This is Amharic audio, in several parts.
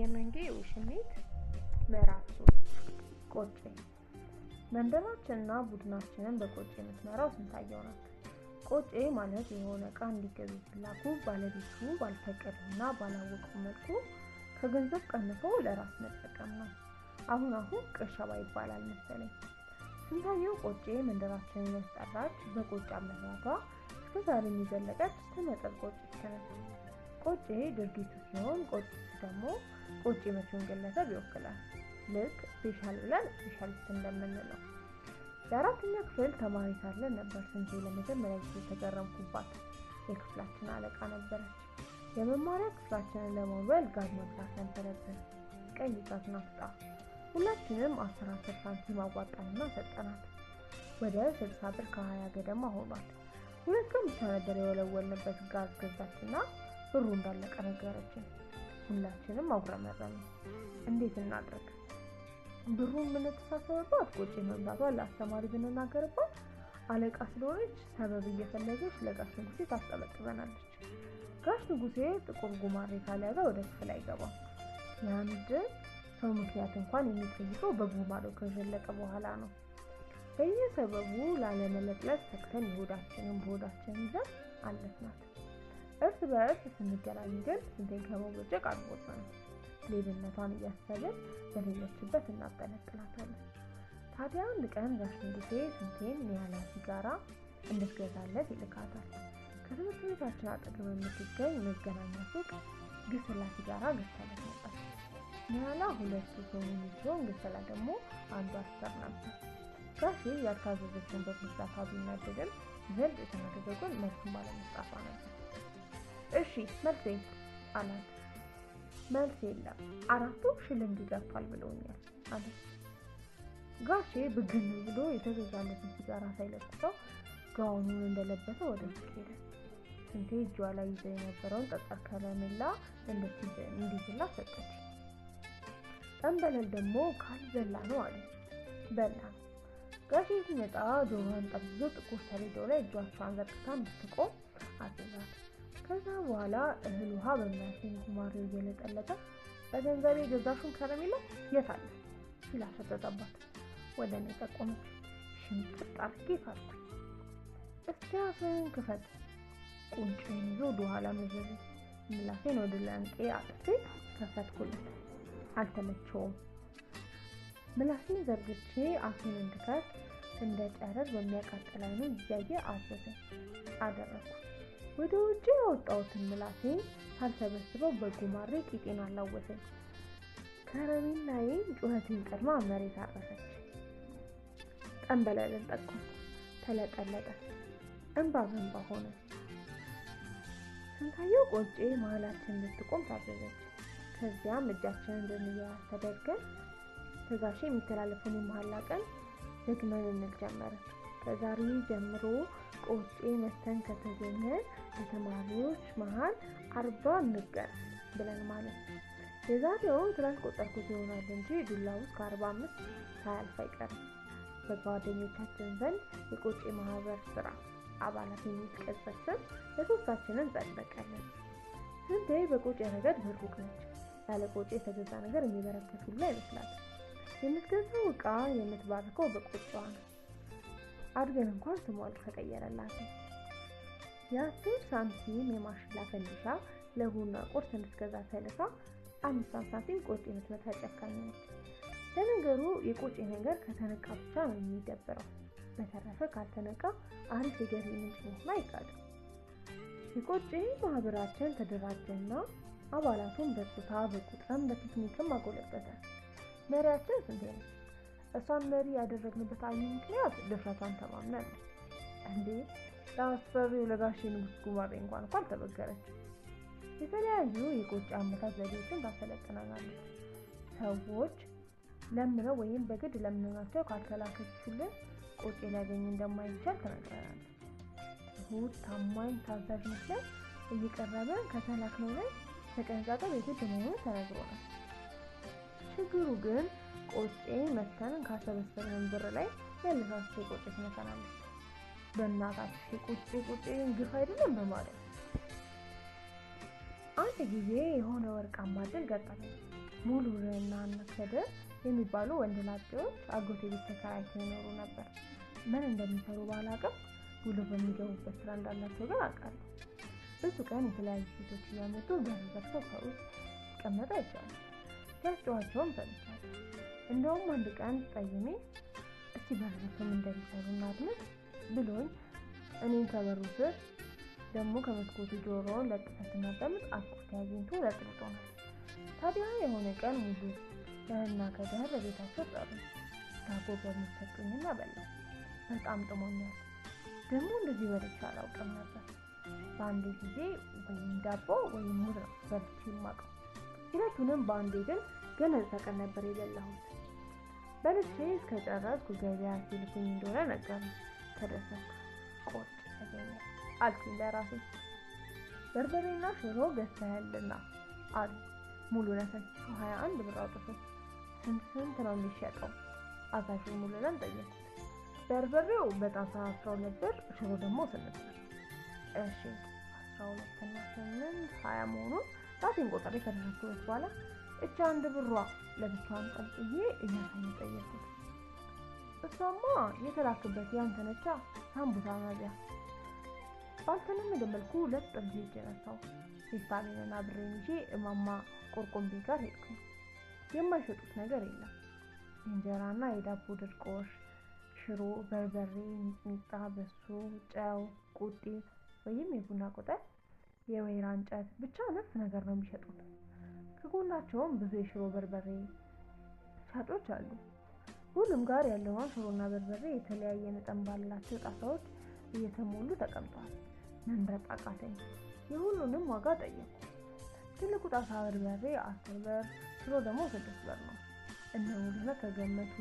የመንጌ ውሽሚት ምዕራፍ ሶስት ቆጬ መንደራችንና ቡድናችንን በቆጬ የምትመራው ስንታየው ናት። ቆጬ ማለት የሆነ እቃ እንዲገዙ ሲላኩ ባለቤቱ ባልፈቀደና ባላወቀው መልኩ ከገንዘብ ቀንፎ ለራስ መጠቀም ነው። አሁን አሁን ቅርሻባ ይባላል መሰለኝ። ስንታየው ቆጬ መንደራችንን ያስጠራች በቆጫ አመራቷ እስከ ዛሬ የሚዘለቀች ትመጠር ቆጭ ከነች። ቆጬ ድርጊቱ ሲሆን ቆጭ ደግሞ ቁጭ የመቼውን ግለሰብ ይወክላል። ልክ ስፔሻል ብለን ስፔሻሊስት እንደምንለው የአራተኛ ክፍል ተማሪ ሳለን ነበር ስንት ለመጀመሪያ ጊዜ የተገረምኩባት። የክፍላችን አለቃ ነበረች። የመማሪያ ክፍላችንን ለመውበል ጋዝ መግዛት ነበረብን። ቀይ ጋዝ ናፍጣ ሁላችንም አስር አስር ሳንቲም አዋጣንና ሰጠናት። ወደ ስልሳ ብር ከሀያ ገደማ ሆኗል። ሁለቱም ብቻ ነበር የወለወልንበት ጋዝ ገዛችና ብሩ እንዳለቀ ነገረችን። ሁላችንም አጉረመረም። እንዴት እናድረግ? ብሩን ብንተሳሰበባት አትቆጭ መምራቷን ለአስተማሪ ብንናገርባት አለቃ ስለሆነች ሰበብ እየፈለገች ለጋሽ ንጉሴ ታስጠበጥበናለች። ጋሽ ንጉሴ ጥቁር ጉማሬ ካልያዘ ወደ ክፍል አይገባም። የአንድ ሰው ምክንያት እንኳን የሚጠይቀው በጉማሬው ከዠለቀ በኋላ ነው። በየሰበቡ ላለመለቅለቅ ተክተን የሆዳችንን በሆዳችን ይዘን አለፍናት። እርስ በእርስ ስንገናኝ ግን ስንቴን ከመቦጨቅ አንቦጭም። ሌብነቷን እያሰብን በሌለችበት እናጠለጥላታለን። ታዲያ አንድ ቀን ጋሽ ጊዜ ስንቴን ኒያላ ሲጋራ እንድትገዛለት ይልካታል። ከትምህርት ቤታችን አጠገብ የምትገኝ መገናኛ ሱቅ ግስላ ሲጋራ ገዝታለት ነበር። ኒያላ ሁለቱ ሰው ሲሆን ግስላ ደግሞ አንዱ አስተር ነበር። ጋሼ ያልታዘዘችን በመዛፋ ቢናደድም ዘንድ የተመደበጉን መልኩም ባለመጻፏ ነበር። እሺ መልሴ አላት። መልስ የለም አራቱ ሽልንግ ይገፋል ብለውኛል አለች። ጋሼ ብግን ብሎ የተገዛለትን ሲጋራ ሳይለኩሰው ጋውኑን እንደለበሰ ወደ ውስጥ ሄደ። ስንቴ እጇ ላይ ይዘ የነበረውን ጠጠር ከረሜላ እንዲዝላ ሰጠች። ጠንበለል ደግሞ ካልዘላ ነው አለ በላ ጋሼ ሲመጣ ጆሮዋን ጠብዞ ጥቁር ሰሌዳው ላይ እጇቸውን ዘርቅታ እንድትቆም አዘዛት። ከዛ በኋላ እህል ውሃ በሚያሰኝ ጉማሬው እየለጠለጠ በገንዘቤ የገዛሽውን ከረሜላ የት አለ ሲል አፈጠጠባት። ወደ እኔ ጠቆመች። ሽምጥጥ አርጌ ሳልኩኝ። እስኪ አፍህን ክፈት። ቁንጭን ይዞ ወደ ኋላ ምላሴን ወደ ላንቄ አጥፌ ከፈትኩለት። አልተመቸውም። ምላሴን ዘርግቼ አፌን እንድከፍት እንደ ጨረር በሚያቃጥል አይኑ እያየ አዘዘ። አደረኩት። ወደ ውጭ ያወጣሁትን ምላሴን ሳልሰበስበው በጉማሬ ቂጤን አላወሰኝ። ከረሜላዬ ጩኸቴን ቀድማ መሬት አረፈች። ጠንበለልን ጠቆም ተለጠለጠ። እንባ በንባ ሆነ። ስንታየው ቆጬ መሀላችን እንድትቆም ታዘዘች። ከዚያም እጃችንን እንድንያያዝ ተደርገን ትዛሽ የሚተላለፈውን የመሀላ ቀን ደግመን እንል ጀመርን። ከዛሬ ጀምሮ ቆጬ መስተን ከተገኘ ከተማሪዎች መሀል አርባ እንገር ብለን ማለት ነው። የዛሬውን ስላልቆጠርኩት ይሆናል እንጂ ዱላ ውስጥ ከአርባ አምስት ሳያልፍ አይቀርም። በጓደኞቻችን ዘንድ የቆጬ ማህበር ስራ አባላት የሚቀጽበት ስም ለሶስታችንን ጸደቀልን። ስንዴ በቆጬ ረገድ ብሩክ ነች። ያለ ቆጬ የተገዛ ነገር የሚበረከት ይመስላል የምትገዛው እቃ የምትባርከው በቆጯ ነው። አድገን እንኳን ስሟ አልተቀየረላትም። የአስር ሳንቲም የማሽላ ፈንዲሻ ለቡና ቁርስ እንድትገዛ ተልፋ አምስት ሳንቲም ቆጭ የምትመታ ጨካኝ ነች። ለነገሩ የቆጭ ነገር ከተነቃ ብቻ ነው የሚደብረው። በተረፈ ካልተነቃ አሪፍ የገቢ ምንጭ መሆን አይካድም። የቆጭ ማህበራችን ተደራጀና አባላቱን በጾታ በቁጥርም በቴክኒክም አጎለበተ። መሪያችን ስንት ነው? እሷን መሪ ያደረግንበት አንዱ ምክንያት ድፍረቷን ተማምነን ነው። እንዴ ለአስፈሪው ለጋሽ ንጉስ ጉማሬ እንኳን እኳ አልተበገረችም። የተለያዩ የቆጭ አመታት ዘዴዎችን ታሰለጥናናለች። ሰዎች ለምነው ወይም በግድ ለምንናቸው ካልተላከችልን ቆጬ ሊያገኝ እንደማይቻል ተነግረናል። ትሁት፣ ታማኝ፣ ታዛዥ መስለን እየቀረበን ከተላክነው ላይ ተቀንጻጠር የግድ መሆኑ ተነግሮናል። ችግሩ ግን ቆጬ መተን ካሰበሰብን ብር ላይ ያለሳቸው የቆጬ ትመተናለች። በእናታችሁ ቁጭ ቁጭ ግፍ አይደለም በማለት አንድ ጊዜ የሆነ ወርቃማ እድል ገጠመኝ። ሙሉና ነከደ የሚባሉ ወንድ ላጤዎች አጎቴ ቤት ተከራይተው ይኖሩ ነበር። ምን እንደሚሰሩ ባላውቅም ውሎ በሚገቡበት ስራ እንዳላቸው ግን አውቃለሁ። ብዙ ቀን የተለያዩ ሴቶች እያመጡ በር ዘግተው ከውስጥ ሲቀመጡ አይቻለሁ። ያስጨዋቸውን በልቷል። እንደውም አንድ ቀን ጠይሜ እስቲ በርዘፍም እንደሚሰሩ እናድምጥ ብሎኝ እኔን ከበሩ ስር ደግሞ ከመስኮቱ ጆሮውን ለጥፈት ስናዳምጥ አኩርት አግኝቶ ለጥብጦናል። ታዲያ የሆነ ቀን ሙሉ ደህና ከደህር በቤታቸው ጠሩ። ዳጎ በሚሰጡኝና በላ በጣም ጥሞኛል። ደግሞ እንደዚህ በልቼ አላውቅም ነበር። በአንድ ጊዜ ወይም ዳቦ ወይም ሙር ነው በልቼ ማቀው ሁለቱንም በአንዴ ግን ግን ተቀን ነበር የበላሁት። በልቼ እስከጨረስኩ ገበያ ሲልኩኝ እንደሆነ ነገር ተደሰኩ። ቆጭ ተገኘ አልኩኝ ለራሴ። በርበሬና ሽሮ ገዝተህልና አሉ ሙሉ ሙሉነታቸው ሀያ አንድ ብር አውጥቶት ስንት ስንት ነው የሚሸጠው? አዛዡን ሙሉነን ጠየቁ። በርበሬው በጣሳ አስራ ሁለት ብር ሽሮ ደግሞ ስምንት ብር። እሺ አስራ ሁለትና ስምንት ሀያ መሆኑን ጣቴን ቆጥሬ ከደረስኩበት በኋላ እቺ አንድ ብሯ ለብቻዋን ቀልጥዬ እያሳየ ጠየኩት። እሷማ የተላክበት ያንተ ነቻ ሳምቡሳ ናዚያ ባልተለመደ መልኩ ለጥ ብዬ እጄ ነሳሁ። ፌስታሌንና ብሬን ይዤ እማማ ቆርቆንቤ ጋር ሄድኩ። የማይሸጡት ነገር የለም። እንጀራና የዳቦ ድርቆሽ፣ ሽሮ፣ በርበሬ፣ ሚጥሚጣ፣ በሶ፣ ጨው፣ ቁጤ ወይም የቡና ቆጠር የወይራ እንጨት ብቻ ነፍ ነገር ነው የሚሸጡት። ከጎናቸውም ብዙ የሽሮ በርበሬ ሻጮች አሉ። ሁሉም ጋር ያለውን ሽሮና በርበሬ የተለያየ መጠን ባላቸው ጣሳዎች እየተሞሉ ተቀምጧል። መምረጥ አቃተኝ። የሁሉንም ዋጋ ጠየቁ። ትልቁ ጣሳ በርበሬ አስር ብር፣ ሽሮ ደግሞ ስድስት ብር ነው። እነ ውድነ ከገመቱ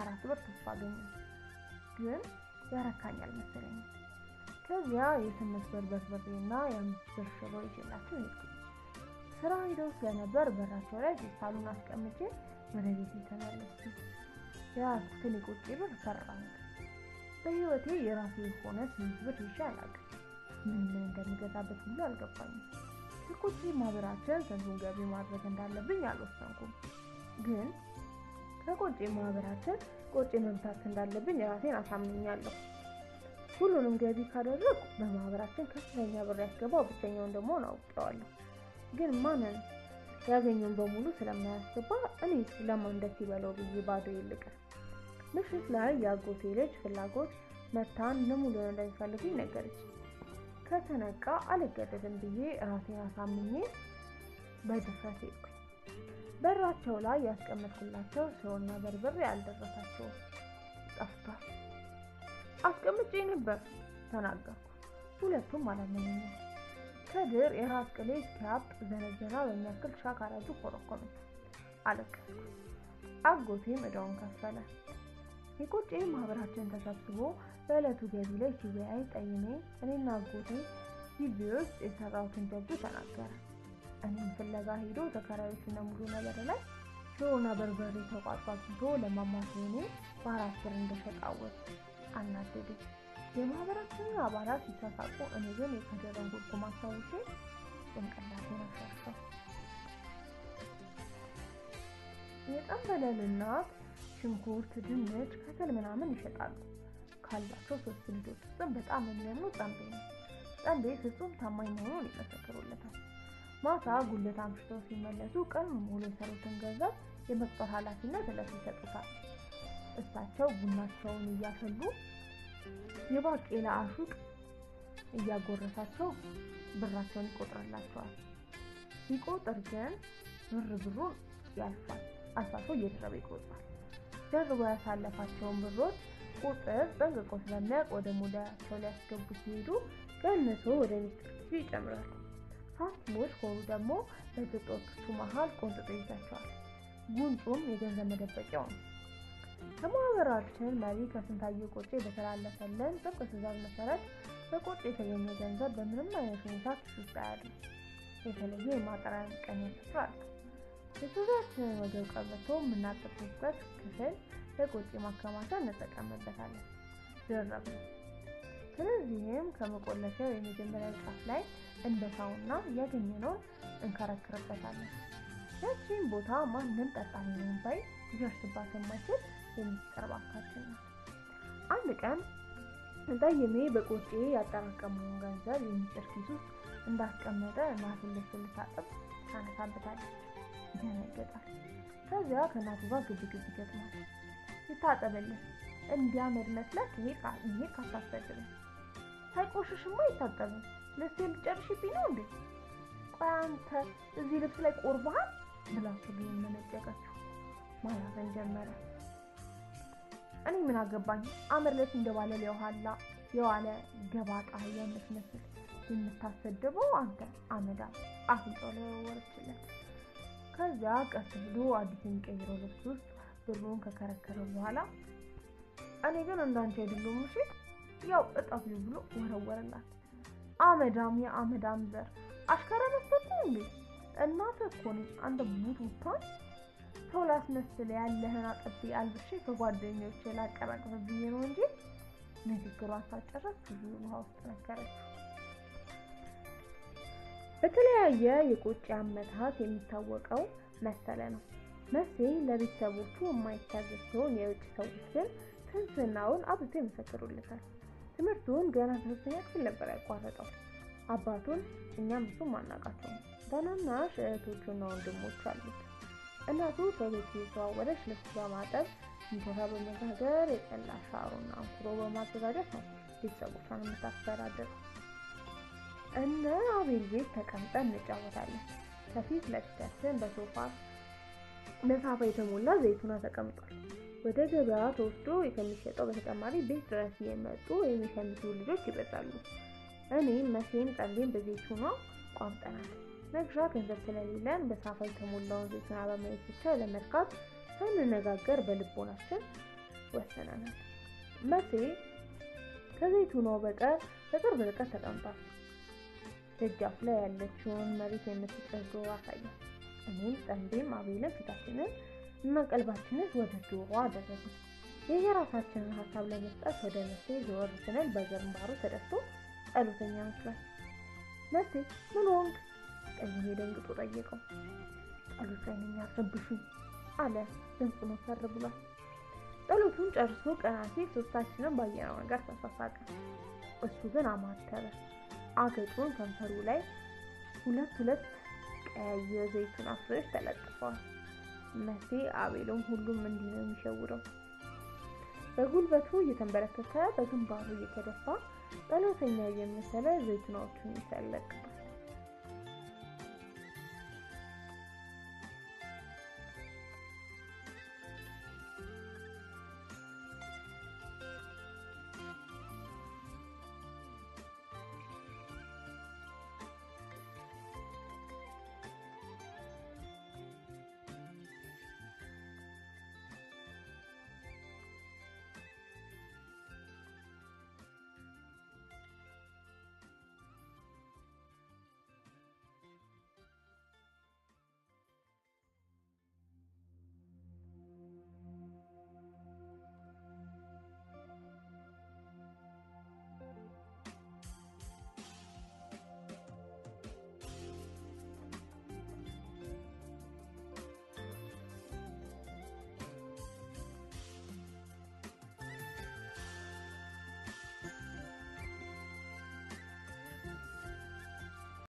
አራት ብር ተስፋ አገኘ። ግን ያረካኛል መሰለኝ። ከዚያ የትንሽ በርበት በርበሬና የምስር ሽሮ ይዤላቸው ይልኩ ስራ ሄደው ስለነበር በራቸው ላይ ፌስታሉን አስቀምጬ ወደ ቤት የተመለሱ የያዝኩትን የቆጬ ብር ፈራሁት። በህይወቴ የራሴ የሆነ ስንት ብር ይዤ ምን ምን እንደሚገዛበት ሁሉ አልገባኝም። የቆጬ ማህበራችን ስንቱን ገቢ ማድረግ እንዳለብኝ አልወሰንኩም። ግን ከቁጭ ማህበራችን ቁጭ መብታት እንዳለብኝ ራሴን አሳምኛለሁ። ሁሉንም ገቢ ካደረጉ በማህበራችን ከፍተኛ ብር ያስገባው ብቸኛውን ደግሞ አውቀዋለሁ። ግን ማንን ያገኘውን በሙሉ ስለማያስገባ እኔ ለማን ደስ ይበለው ብዬ ባዶ ይልቀ። ምሽት ላይ የአጎቴ ልጅ ፍላጎት መታን ለሙሉን እንደሚፈልጉ ነገረች። ከተነቃ አልገደድም ብዬ ራሴን አሳምኜ በድፍረት ሄድኩኝ። በራቸው ላይ ያስቀመጥኩላቸው ሰውና በርበሬ አልደረሳቸውም። ጠፍቷል። አስቀምጬ ነበር ተናገርኩ። ሁለቱም አላመኑኝም። ከድር የራስ ቅሌ እስኪያብጥ ዘነዘና በሚያክል ሻካራጁ ኮረኮኑ። አለቀስኩ። አጎቴም እዳውን ከፈለ። የቆጬ ማህበራችን ተሰብስቦ በዕለቱ ገቢ ላይ ሲወያይ ጠይሜ እኔና አጎቴ ግቢ ውስጥ የሰራሁትን ጀብዱ ተናገረ። እኔም ፍለጋ ሄዶ ተከራዮች እነ ሙሉ ነገር ላይ ሽሮና በርበሬ ተቋጥሮ አግኝቶ ለማማሴኔ በአራት ብር እንደሸጣወት አናደደኝ። የማህበራችን አባላት ሲሳሳቁ፣ እኔ ግን የተደረጉትን አስታውሼ ጭንቅላቴን አሻሸሁ። የጠንበለል እናት ሽንኩርት፣ ድንች፣ ከሰል ምናምን ይሸጣሉ። ካላቸው ሶስት ልጆች ውስጥም በጣም የሚያምኑ ጠንቤ ነው። ጠንቤ ፍጹም ታማኝ መሆኑን ይመሰክሩለታል። ማታ ጉልት አምሽተው ሲመለሱ ቀን ሙሉ የሰሩትን ገንዘብ የመቅጠር ኃላፊነት እለቱ ይሰጡታል። እሳቸው ቡናቸውን እያፈሉ የባቄላ አሹቅ እያጎረሳቸው ብራቸውን ይቆጥርላቸዋል። ሲቆጥር ግን ብር ብሩን ያልፋል። አሳሶ እየደረበ ይቆጥራል። ደርቦ ያሳለፋቸውን ብሮች ቁጥር ጠንቅቆ ስለሚያውቅ ወደ ሞዳቸው ሊያስገቡ ሲሄዱ ቀንሶ ወደ ሚስቶቹ ይጨምራል። ሀብታሞች ከሆኑ ደግሞ በግጦቹ መሀል ቆንጥጦ ይዛቸዋል። ጉንጩም የገንዘብ መደበቂያው ነው። ከማህበራችን መሪ ከስንታየሁ ቆጬ በተላለፈልን ጥብቅ ትዕዛዝ መሰረት በቆጬ የተገኘ ገንዘብ በምንም አይነት ሁኔታ ኪስ ውስጥ አያድርም። የተለየ የማጠራቀሚያ ስፍራ አለው። የሱሪያችንን ወገብ ቀበቶ የምናጠቁበት ክፍል ለቆጬ ማከማቻ እንጠቀምበታለን። ድርብ ነው። ስለዚህም ከመቆለፊያው የመጀመሪያ ጫፍ ላይ እንደ ሳውና ያገኘነውን እንከረክርበታለን። ያቺን ቦታ ማንም ጠጣሚ ባይ ሊደርስባት የማይችል የምትቀርባታችን ናት። አንድ ቀን ጠይሜ በቆጬ ያጠራቀመውን ገንዘብ የሚጭር ኪስ ውስጥ እንዳስቀመጠ እናቱን ልብስ ልታጠብ ታነሳበታለች። ይደነግጣል። ከዚያ ከእናቱ ጋር ግብግብ ይገጥማል። ይታጠብልን እንዲያመድ መስለት ይሄ ካታስፈድብን ሳይቆሽሽማ አይታጠብም። ልብስ የምጨርሽብኝ ነው እንዴ? ቆይ አንተ እዚህ ልብስ ላይ ቆርበሃል ብላችሁ ሊመነጨቀችው ማላፈን ጀመረ። እኔ ምን አገባኝ? አምርለት እንደባለ ሊውሃላ የዋለ ገባጣ የምትመስል የምታሰድበው አንተ አመዳ አፍንጦ ላይ ወረወረችለት። ከዚያ ቀስ ብሎ አዲሱን ቀይሮ ልብስ ውስጥ ብሩን ከከረከረ በኋላ እኔ ግን እንዳንቺ አይደለሁም እሺ፣ ያው እጣፊው ብሎ ወረወረላት። አመዳም የአመዳም ዘር አሽከረ መስጠት እንዴ! እናትህ እኮ ነች አንተ ቡትቡታን ሰው ላስመስል ያለህን አጥቤ አልብሼ ከጓደኞቼ ላቀላቅፍ ብዬ ነው እንጂ ንግግሯን ሳጨረስ ብዙ ውሃ ውስጥ ነገረች። በተለያየ የቆጭ አመታት የሚታወቀው መሰለ ነው። መሴ ለቤተሰቦቹ የማይታዘዝ ሲሆን የውጭ ሰዎች ግን ትንስናውን አብዝቶ ይመሰክሩለታል። ትምህርቱን ገና ሶስተኛ ክፍል ነበር ያቋረጠው። አባቱን እኛም ብዙም አናቃቸውም። ታናናሽ እህቶቹና ወንድሞች አሉት። እናቱ በቤት እየተዘዋወረች ልብስ በማጠብ እንጀራ በመጋገር የጠላ ሻሩና አንኩሮ በማዘጋጀት ነው ቤተሰቦቿን የምታስተዳድር። እነ አቤል ቤት ተቀምጠን እንጫወታለን። ከፊት ለፊታችን በሶፋ መሳፋ የተሞላ ዘይቱና ተቀምጧል። ወደ ገበያ ተወስዶ ከሚሸጠው በተጨማሪ ቤት ድረስ የመጡ የሚሸምቱ ልጆች ይበዛሉ። እኔም መቼም ጠሌም በዘይቱና ቋምጠናል። መግዣ ገንዘብ ስለሌለን በሳፋ የተሞላውን ዜና በማየት ብቻ ለመርካት ሳንነጋገር በልቦናችን ወሰነናል። መሴ ከዘይቱናው በቀር በቅርብ ርቀት ተቀምጧል። ደጃፍ ላይ ያለችውን መሬት የምትጭን አሳየ። እኔም ጠንዴም አቤልን ፊታችንን እና ወደ ዶሮ አደረግን። የየራሳችንን ሀሳብ ለመስጠት ወደ መሴ ዘወር ስንል በግንባሩ ተደፍቶ ጸሎተኛ መስሏል። መሴ ምን ሆንክ ቀኝዬ ደንግጦ ጠየቀው። ጸሎቴን የሚያስረብሽኝ አለ። ድምፁ መሰር ብሏል። ጸሎቱን ጨርሶ ቀናሲ ሶስታችንም ባየነው ነገር ተሳሳቀ። እሱ ግን አማተረ። አገጩን ከንፈሩ ላይ ሁለት ሁለት ቀያየ ዘይቱን አፍሬዎች ተለጥፈዋል። መሴ አቤሎም ሁሉም እንዲህ ነው የሚሸውደው። በጉልበቱ እየተንበረከከ በግንባሩ እየተደፋ ጸሎተኛ እየመሰለ ዘይቱናዎቹን ይሰለቅ